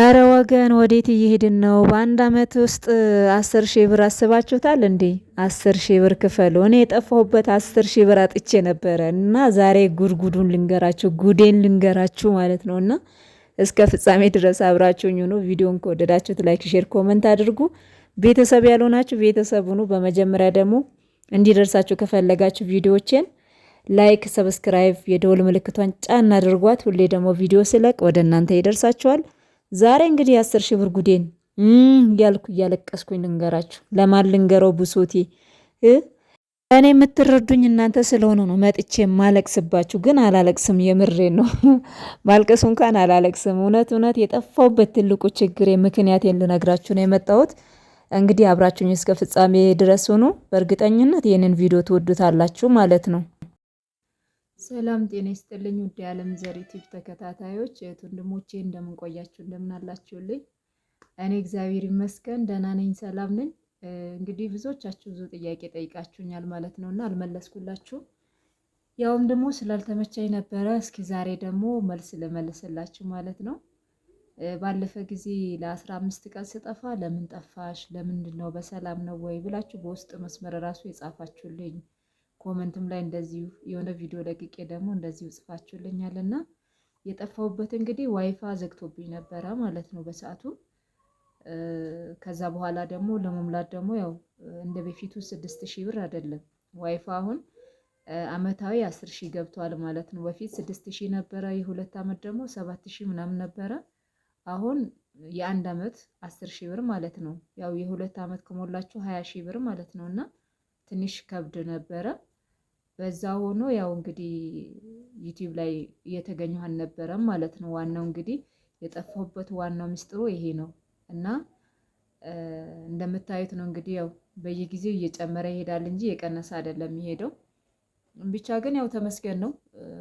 እረ ወገን ወዴት እየሄድን ነው? በአንድ አመት ውስጥ አስር ሺህ ብር አስባችሁታል እንዴ? አስር ሺህ ብር ክፈሉ። እኔ የጠፋሁበት አስር ሺህ ብር አጥቼ ነበረ እና ዛሬ ጉድጉዱን ልንገራችሁ፣ ጉዴን ልንገራችሁ ማለት ነው። እና እስከ ፍጻሜ ድረስ አብራችሁኝ ሁኑ። ቪዲዮን ከወደዳችሁት ላይክ፣ ሼር፣ ኮመንት አድርጉ። ቤተሰብ ያልሆናችሁ ቤተሰብ ሁኑ። በመጀመሪያ ደግሞ እንዲደርሳችሁ ከፈለጋችሁ ቪዲዮዎችን ላይክ፣ ሰብስክራይብ፣ የደወል ምልክቷን ጫና አድርጓት። ሁሌ ደግሞ ቪዲዮ ስለቅ ወደ እናንተ ይደርሳችኋል። ዛሬ እንግዲህ የአስር ሺህ ብር ጉዴን እያልኩ እያለቀስኩኝ ልንገራችሁ። ለማን ልንገረው ብሶቴ እኔ የምትረዱኝ እናንተ ስለሆነ ነው መጥቼ ማለቅስባችሁ ግን አላለቅስም፣ የምሬ ነው። ማልቀሱ እንኳን አላለቅስም። እውነት እውነት የጠፋውበት ትልቁ ችግር ምክንያት ልነግራችሁ ነው የመጣሁት። እንግዲህ አብራችሁኝ እስከ ፍጻሜ ድረስ ሆኑ። በእርግጠኝነት ይህንን ቪዲዮ ትወዱታላችሁ ማለት ነው። ሰላም ጤና ይስጥልኝ ውድ የዓለም ዘር ዩቲዩብ ተከታታዮች እህት ወንድሞቼ እንደምን ቆያችሁ? እንደምን አላችሁልኝ? እኔ እግዚአብሔር ይመስገን ደህና ነኝ፣ ሰላም ነኝ። እንግዲህ ብዙዎቻችሁ ብዙ ጥያቄ ጠይቃችሁኛል ማለት ነው እና አልመለስኩላችሁም። ያውም ደግሞ ስላልተመቻኝ ነበረ። እስኪ ዛሬ ደግሞ መልስ ልመልስላችሁ ማለት ነው። ባለፈ ጊዜ ለአስራ አምስት ቀን ስጠፋ ለምን ጠፋሽ፣ ለምንድን ነው፣ በሰላም ነው ወይ ብላችሁ በውስጥ መስመር ራሱ የጻፋችሁልኝ ኮመንትም ላይ እንደዚሁ የሆነ ቪዲዮ ለቅቄ ደግሞ እንደዚሁ ጽፋችሁልኛል እና የጠፋሁበት እንግዲህ ዋይፋ ዘግቶብኝ ነበረ ማለት ነው በሰዓቱ። ከዛ በኋላ ደግሞ ለመሙላት ደግሞ ያው እንደ በፊቱ ስድስት ሺህ ብር አይደለም። ዋይፋ አሁን አመታዊ አስር ሺህ ገብቷል ማለት ነው። በፊት ስድስት ሺህ ነበረ። የሁለት አመት ደግሞ ሰባት ሺህ ምናምን ነበረ። አሁን የአንድ አመት አስር ሺህ ብር ማለት ነው። ያው የሁለት አመት ከሞላችሁ ሀያ ሺህ ብር ማለት ነው እና ትንሽ ከብድ ነበረ። በዛ ሆኖ ያው እንግዲህ ዩቲዩብ ላይ እየተገኘሁ አልነበረም ማለት ነው። ዋናው እንግዲህ የጠፋሁበት ዋናው ምስጢሩ ይሄ ነው እና እንደምታዩት ነው እንግዲህ ያው በየጊዜው እየጨመረ ይሄዳል እንጂ የቀነሰ አይደለም የሚሄደው። ብቻ ግን ያው ተመስገን ነው።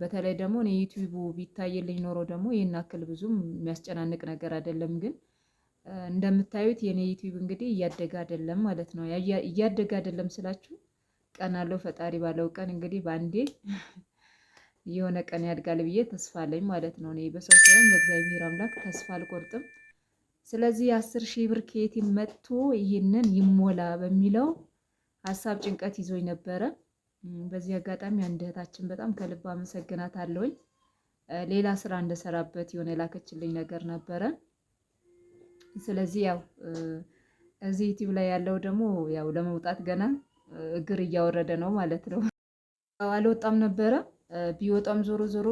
በተለይ ደግሞ እኔ ዩቲዩቡ ቢታይልኝ ኖሮ ደግሞ ይህን አክል ብዙም የሚያስጨናንቅ ነገር አይደለም። ግን እንደምታዩት የኔ ዩቲዩብ እንግዲህ እያደገ አይደለም ማለት ነው። እያደገ አይደለም ስላችሁ ቀን አለው ፈጣሪ ባለው ቀን እንግዲህ በአንዴ የሆነ ቀን ያድጋል ብዬ ተስፋ አለኝ ማለት ነው። እኔ በሰው ሳይሆን በእግዚአብሔር አምላክ ተስፋ አልቆርጥም። ስለዚህ የአስር ሺህ ብር ከየት መጥቶ ይህንን ይሞላ በሚለው ሀሳብ ጭንቀት ይዞኝ ነበረ። በዚህ አጋጣሚ አንድ እህታችን በጣም ከልብ አመሰግናት አለውኝ። ሌላ ስራ እንደሰራበት የሆነ የላከችልኝ ነገር ነበረ። ስለዚህ ያው እዚህ ዩቲዩብ ላይ ያለው ደግሞ ያው ለመውጣት ገና እግር እያወረደ ነው ማለት ነው። አልወጣም ነበረ ቢወጣም ዞሮ ዞሮ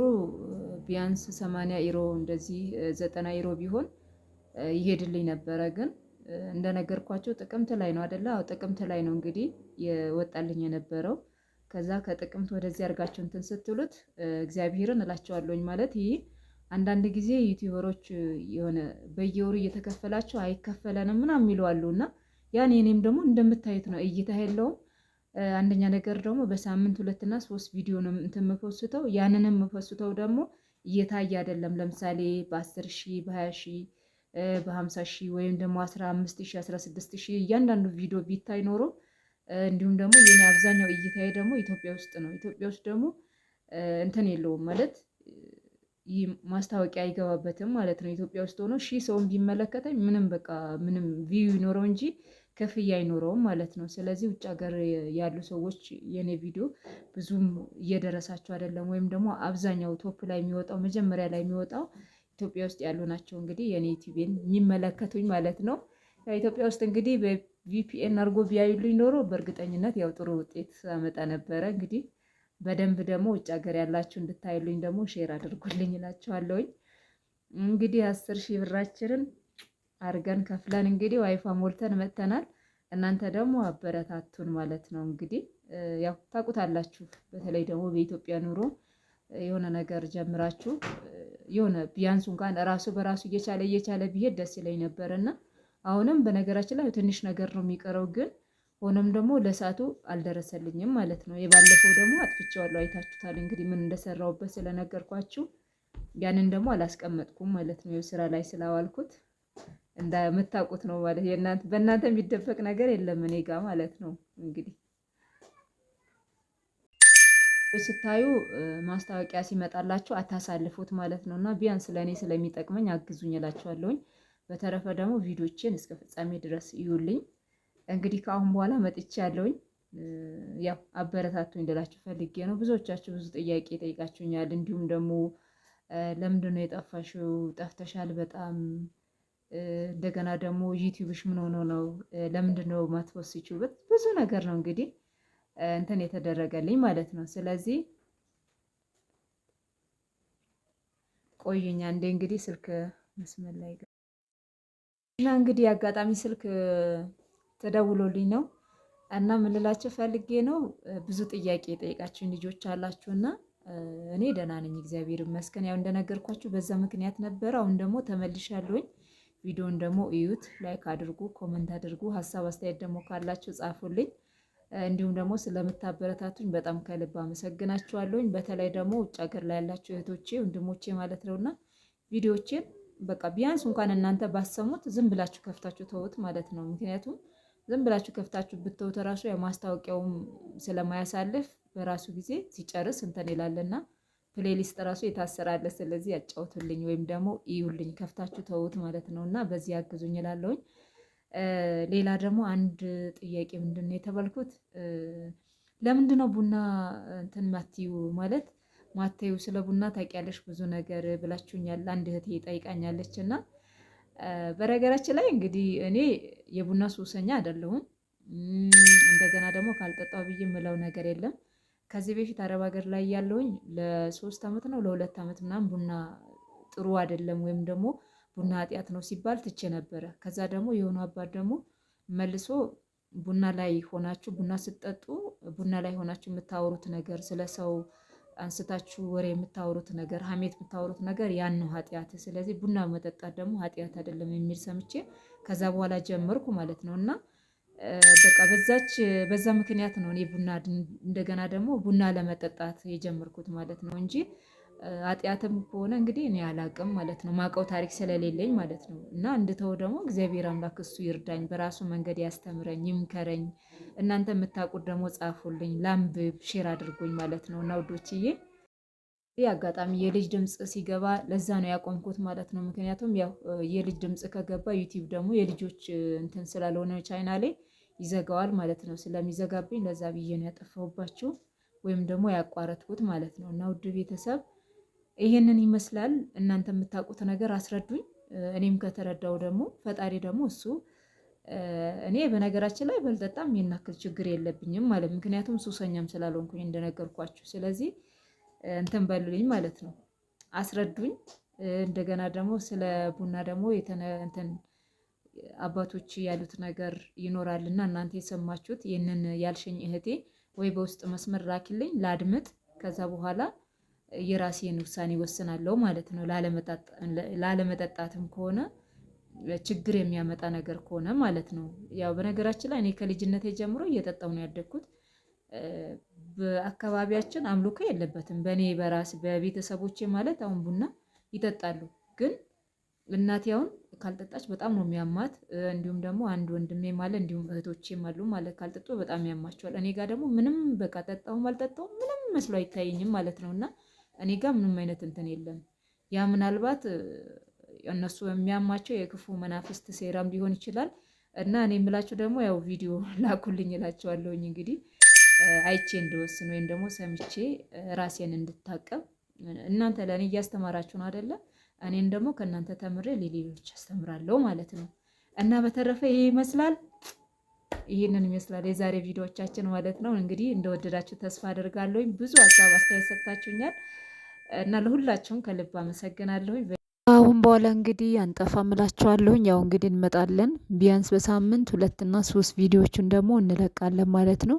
ቢያንስ ሰማንያ ኢሮ እንደዚህ ዘጠና ኢሮ ቢሆን ይሄድልኝ ነበረ። ግን እንደነገርኳቸው ጥቅምት ላይ ነው አደለ? አዎ ጥቅምት ላይ ነው እንግዲህ የወጣልኝ የነበረው። ከዛ ከጥቅምት ወደዚህ አድርጋቸው እንትን ስትሉት እግዚአብሔርን እላቸዋለኝ ማለት ይህ አንዳንድ ጊዜ ዩቲዩበሮች የሆነ በየወሩ እየተከፈላቸው አይከፈለንም ምናምን ይለዋሉ እና ያን የኔም ደግሞ እንደምታዩት ነው እይታ የለውም አንደኛ ነገር ደግሞ በሳምንት ሁለትና ሶስት ቪዲዮ ነው እንትን የምፖስተው። ያንንም የምፖስተው ደግሞ እየታየ አይደለም። ለምሳሌ በ10 ሺህ በ20 ሺህ በ50 ሺህ ወይም ደግሞ 15 ሺ 16 ሺ እያንዳንዱ ቪዲዮ ቢታይ ኖሮ እንዲሁም ደግሞ የኔ አብዛኛው እይታዬ ደግሞ ኢትዮጵያ ውስጥ ነው። ኢትዮጵያ ውስጥ ደግሞ እንትን የለውም ማለት ይህ ማስታወቂያ አይገባበትም ማለት ነው። ኢትዮጵያ ውስጥ ሆኖ ሺ ሰውን ቢመለከተኝ ምንም በቃ ምንም ቪዩ ይኖረው እንጂ ክፍያ አይኖረውም ማለት ነው። ስለዚህ ውጭ ሀገር ያሉ ሰዎች የኔ ቪዲዮ ብዙም እየደረሳቸው አይደለም፣ ወይም ደግሞ አብዛኛው ቶፕ ላይ የሚወጣው መጀመሪያ ላይ የሚወጣው ኢትዮጵያ ውስጥ ያሉ ናቸው። እንግዲህ የኔ ቲቪን የሚመለከቱኝ ማለት ነው። ኢትዮጵያ ውስጥ እንግዲህ በቪፒኤን አድርጎ ቢያዩልኝ ኖሮ በእርግጠኝነት ያው ጥሩ ውጤት አመጣ ነበረ። እንግዲህ በደንብ ደግሞ ውጭ ሀገር ያላችሁ እንድታይሉኝ ደግሞ ሼር አድርጉልኝ እላችኋለሁኝ። እንግዲህ አስር ሺህ ብራችንን አርገን ከፍለን እንግዲህ ዋይፋ ሞልተን መጥተናል። እናንተ ደግሞ አበረታቱን ማለት ነው። እንግዲህ ያው ታውቁታላችሁ። በተለይ ደግሞ በኢትዮጵያ ኑሮ የሆነ ነገር ጀምራችሁ የሆነ ቢያንሱ እንኳን ራሱ በራሱ እየቻለ እየቻለ ቢሄድ ደስ ይለኝ ነበር እና አሁንም በነገራችን ላይ ትንሽ ነገር ነው የሚቀረው፣ ግን ሆኖም ደግሞ ለሰዓቱ አልደረሰልኝም ማለት ነው። የባለፈው ደግሞ አጥፍቼዋለሁ፣ አይታችሁታል። እንግዲህ ምን እንደሰራሁበት ስለነገርኳችሁ ያንን ደግሞ አላስቀመጥኩም ማለት ነው። ስራ ላይ ስላዋልኩት እንደምታውቁት ነው ማለት የእናንተ በእናንተ የሚደበቅ ነገር የለም እኔ ጋር ማለት ነው። እንግዲህ ስታዩ ማስታወቂያ ሲመጣላችሁ አታሳልፉት ማለት ነው። እና ቢያንስ ለእኔ ስለሚጠቅመኝ አግዙኝ እላችኋለሁኝ። በተረፈ ደግሞ ቪዲዮችን እስከ ፍጻሜ ድረስ እዩልኝ። እንግዲህ ከአሁን በኋላ መጥቼ ያለውኝ ያው አበረታቱኝ ልላችሁ ፈልጌ ነው። ብዙዎቻችሁ ብዙ ጥያቄ ጠይቃችሁኛል። እንዲሁም ደግሞ ለምንድን ነው የጠፋሽው? ጠፍተሻል በጣም እንደገና ደግሞ ዩቲዩብሽ ምን ሆኖ ነው ለምንድን ነው የማትወስጂው? ብዙ ነገር ነው እንግዲህ እንትን የተደረገልኝ ማለት ነው። ስለዚህ ቆይኛ እንዴ እንግዲህ ስልክ መስመር ላይ እና እንግዲህ አጋጣሚ ስልክ ተደውሎልኝ ነው እና ምን ፈልጌ ነው ብዙ ጥያቄ የጠየቃችሁኝ ልጆች አላችሁና እኔ ደህና ነኝ፣ እግዚአብሔር ይመስገን። ያው እንደነገርኳችሁ በዛ ምክንያት ነበር። አሁን ደግሞ ተመልሻለሁኝ። ቪዲዮን ደግሞ እዩት፣ ላይክ አድርጉ፣ ኮመንት አድርጉ። ሀሳብ አስተያየት ደግሞ ካላችሁ ጻፉልኝ። እንዲሁም ደግሞ ስለምታበረታቱኝ በጣም ከልብ አመሰግናችኋለሁኝ። በተለይ ደግሞ ውጭ ሀገር ላይ ያላችሁ እህቶቼ ወንድሞቼ ማለት ነውና ቪዲዮቼን በቃ ቢያንስ እንኳን እናንተ ባሰሙት ዝም ብላችሁ ከፍታችሁ ተውት ማለት ነው። ምክንያቱም ዝም ብላችሁ ከፍታችሁ ብትውት ራሱ የማስታወቂያውም ስለማያሳልፍ በራሱ ጊዜ ሲጨርስ እንትን ይላልና ፕሌሊስት ራሱ የታሰራለ። ስለዚህ ያጫውቱልኝ ወይም ደግሞ እዩልኝ ከፍታችሁ ተውት ማለት ነው እና በዚህ ያግዙኝ እላለሁኝ። ሌላ ደግሞ አንድ ጥያቄ ምንድን ነው የተባልኩት፣ ለምንድን ነው ቡና እንትን ማትዩ ማለት ማታዩ ስለ ቡና ታውቂያለሽ ብዙ ነገር ብላችሁኛል። አንድ እህቴ ጠይቃኛለች እና በነገራችን ላይ እንግዲህ እኔ የቡና ሱሰኛ አይደለሁም። እንደገና ደግሞ ካልጠጣው ብዬ ምለው ነገር የለም ከዚህ በፊት አረብ ሀገር ላይ ያለውኝ ለሶስት ዓመት ነው ለሁለት ዓመት ምናምን ቡና ጥሩ አይደለም ወይም ደግሞ ቡና ኃጢአት ነው ሲባል ትቼ ነበረ። ከዛ ደግሞ የሆኑ አባት ደግሞ መልሶ ቡና ላይ ሆናችሁ ቡና ስትጠጡ ቡና ላይ ሆናችሁ የምታወሩት ነገር ስለ ሰው አንስታችሁ ወሬ የምታወሩት ነገር ሀሜት የምታወሩት ነገር ያን ነው ኃጢአት። ስለዚህ ቡና መጠጣት ደግሞ ኃጢአት አይደለም የሚል ሰምቼ ከዛ በኋላ ጀመርኩ ማለት ነው እና በቃ በዛች በዛ ምክንያት ነው እኔ ቡና እንደገና ደግሞ ቡና ለመጠጣት የጀመርኩት ማለት ነው እንጂ አጥያትም ከሆነ እንግዲህ እኔ አላቅም ማለት ነው ማቀው ታሪክ ስለሌለኝ ማለት ነው። እና እንድተው ደግሞ እግዚአብሔር አምላክ እሱ ይርዳኝ፣ በራሱ መንገድ ያስተምረኝ፣ ይምከረኝ። እናንተ የምታውቁት ደግሞ ጻፉልኝ፣ ላምብብ፣ ሼር አድርጎኝ ማለት ነው እና ውዶችዬ ይህ አጋጣሚ የልጅ ድምፅ ሲገባ ለዛ ነው ያቆምኩት ማለት ነው። ምክንያቱም ያው የልጅ ድምፅ ከገባ ዩቲዩብ ደግሞ የልጆች እንትን ስላልሆነ ቻይና ላይ ይዘጋዋል ማለት ነው። ስለሚዘጋብኝ ለዛ ብዬ ነው ያጠፋሁባችሁ ወይም ደግሞ ያቋረጥኩት ማለት ነው። እና ውድ ቤተሰብ ይሄንን ይመስላል። እናንተ የምታውቁት ነገር አስረዱኝ። እኔም ከተረዳው ደግሞ ፈጣሪ ደግሞ እሱ እኔ በነገራችን ላይ በልጠጣም የናክል ችግር የለብኝም ማለት ምክንያቱም ሱሰኛም ስላልሆንኩኝ እንደነገርኳችሁ ስለዚህ እንትን በሉልኝ ማለት ነው፣ አስረዱኝ። እንደገና ደግሞ ስለ ቡና ደግሞ እንትን አባቶች ያሉት ነገር ይኖራል እና እናንተ የሰማችሁት ይህንን ያልሸኝ እህቴ ወይ በውስጥ መስመር ላኪልኝ ላድምጥ። ከዛ በኋላ የራሴን ውሳኔ ወስናለሁ ማለት ነው። ላለመጠጣትም ከሆነ ችግር የሚያመጣ ነገር ከሆነ ማለት ነው። ያው በነገራችን ላይ እኔ ከልጅነቴ ጀምሮ እየጠጣው ነው ያደግኩት። በአካባቢያችን አምልኮ የለበትም። በእኔ በራስ በቤተሰቦቼ ማለት አሁን ቡና ይጠጣሉ፣ ግን እናቴ አሁን ካልጠጣች በጣም ነው የሚያማት። እንዲሁም ደግሞ አንድ ወንድሜ አለ፣ እንዲሁም እህቶች አሉ ማለት ካልጠጡ በጣም ያማቸዋል። እኔ ጋር ደግሞ ምንም በቃ ጠጣውም አልጠጣውም ምንም መስሎ አይታየኝም ማለት ነው። እና እኔ ጋር ምንም አይነት እንትን የለም። ያ ምናልባት እነሱ የሚያማቸው የክፉ መናፍስት ሴራም ሊሆን ይችላል። እና እኔ የምላችሁ ደግሞ ያው ቪዲዮ ላኩልኝ እላቸዋለሁኝ እንግዲህ አይቼ እንደወስን ወይም ደግሞ ሰምቼ ራሴን እንድታቀብ እናንተ ለእኔ እያስተማራችሁን አይደለም። እኔን ደግሞ ከእናንተ ተምሬ ለሌሎች አስተምራለሁ ማለት ነው። እና በተረፈ ይህ ይመስላል ይህንን ይመስላል የዛሬ ቪዲዮዎቻችን ማለት ነው። እንግዲህ እንደወደዳችሁ ተስፋ አደርጋለሁ። ብዙ ሀሳብ አስተያየት ሰጥታችሁኛል እና ለሁላችሁም ከልብ አመሰግናለሁኝ። አሁን በኋላ እንግዲህ አንጠፋ እላችኋለሁኝ። ያው እንግዲህ እንመጣለን ቢያንስ በሳምንት ሁለትና ሶስት ቪዲዮዎችን ደግሞ እንለቃለን ማለት ነው።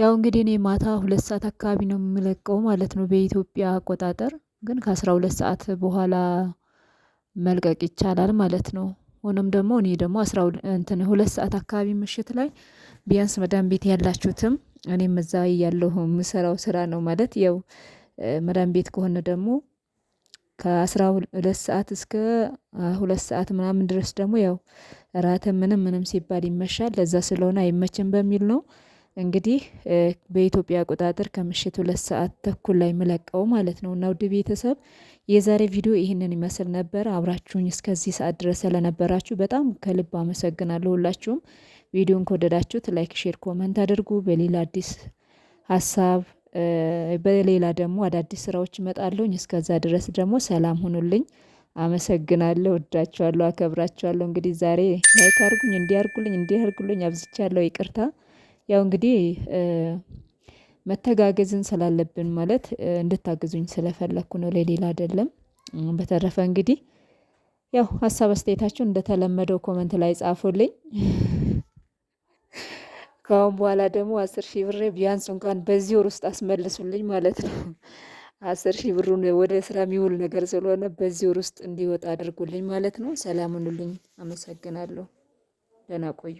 ያው እንግዲህ እኔ ማታ ሁለት ሰዓት አካባቢ ነው የምለቀው ማለት ነው በኢትዮጵያ አቆጣጠር ግን ከአስራ ሁለት ሰዓት በኋላ መልቀቅ ይቻላል ማለት ነው። ሆኖም ደግሞ እኔ ደግሞ አስራ እንትን ሁለት ሰዓት አካባቢ ምሽት ላይ ቢያንስ መዳም ቤት ያላችሁትም እኔም እዛ ያለሁ ምሰራው ስራ ነው ማለት ያው መዳም ቤት ከሆነ ደግሞ ከአስራ ሁለት ሰዓት እስከ ሁለት ሰዓት ምናምን ድረስ ደግሞ ያው እራትም ምንም ምንም ሲባል ይመሻል ለዛ ስለሆነ አይመችም በሚል ነው እንግዲህ በኢትዮጵያ አቆጣጠር ከምሽት ሁለት ሰዓት ተኩል ላይ ምለቀው ማለት ነው። እና ውድ ቤተሰብ የዛሬ ቪዲዮ ይህንን ይመስል ነበር። አብራችሁኝ እስከዚህ ሰዓት ድረስ ስለነበራችሁ በጣም ከልብ አመሰግናለሁ። ሁላችሁም ቪዲዮን ከወደዳችሁት ላይክ፣ ሼር፣ ኮመንት አድርጉ። በሌላ አዲስ ሀሳብ በሌላ ደግሞ አዳዲስ ስራዎች እመጣለሁኝ። እስከዛ ድረስ ደግሞ ሰላም ሁኑልኝ። አመሰግናለሁ። ወዳችኋለሁ፣ አከብራችኋለሁ። እንግዲህ ዛሬ ላይክ አርጉኝ፣ እንዲያርጉልኝ፣ እንዲያርጉልኝ አብዝቻለሁ። ይቅርታ ያው እንግዲህ መተጋገዝን ስላለብን ማለት እንድታግዙኝ ስለፈለግኩ ነው ለሌላ አይደለም። በተረፈ እንግዲህ ያው ሀሳብ አስተያየታችሁን እንደተለመደው ኮመንት ላይ ጻፉልኝ። ከአሁን በኋላ ደግሞ አስር ሺህ ብሬ ቢያንስ እንኳን በዚህ ወር ውስጥ አስመልሱልኝ ማለት ነው። አስር ሺህ ብሩን ወደ ስራ የሚውል ነገር ስለሆነ በዚህ ወር ውስጥ እንዲወጣ አድርጉልኝ ማለት ነው። ሰላም ሁኑልኝ። አመሰግናለሁ። ደህና ቆዩ።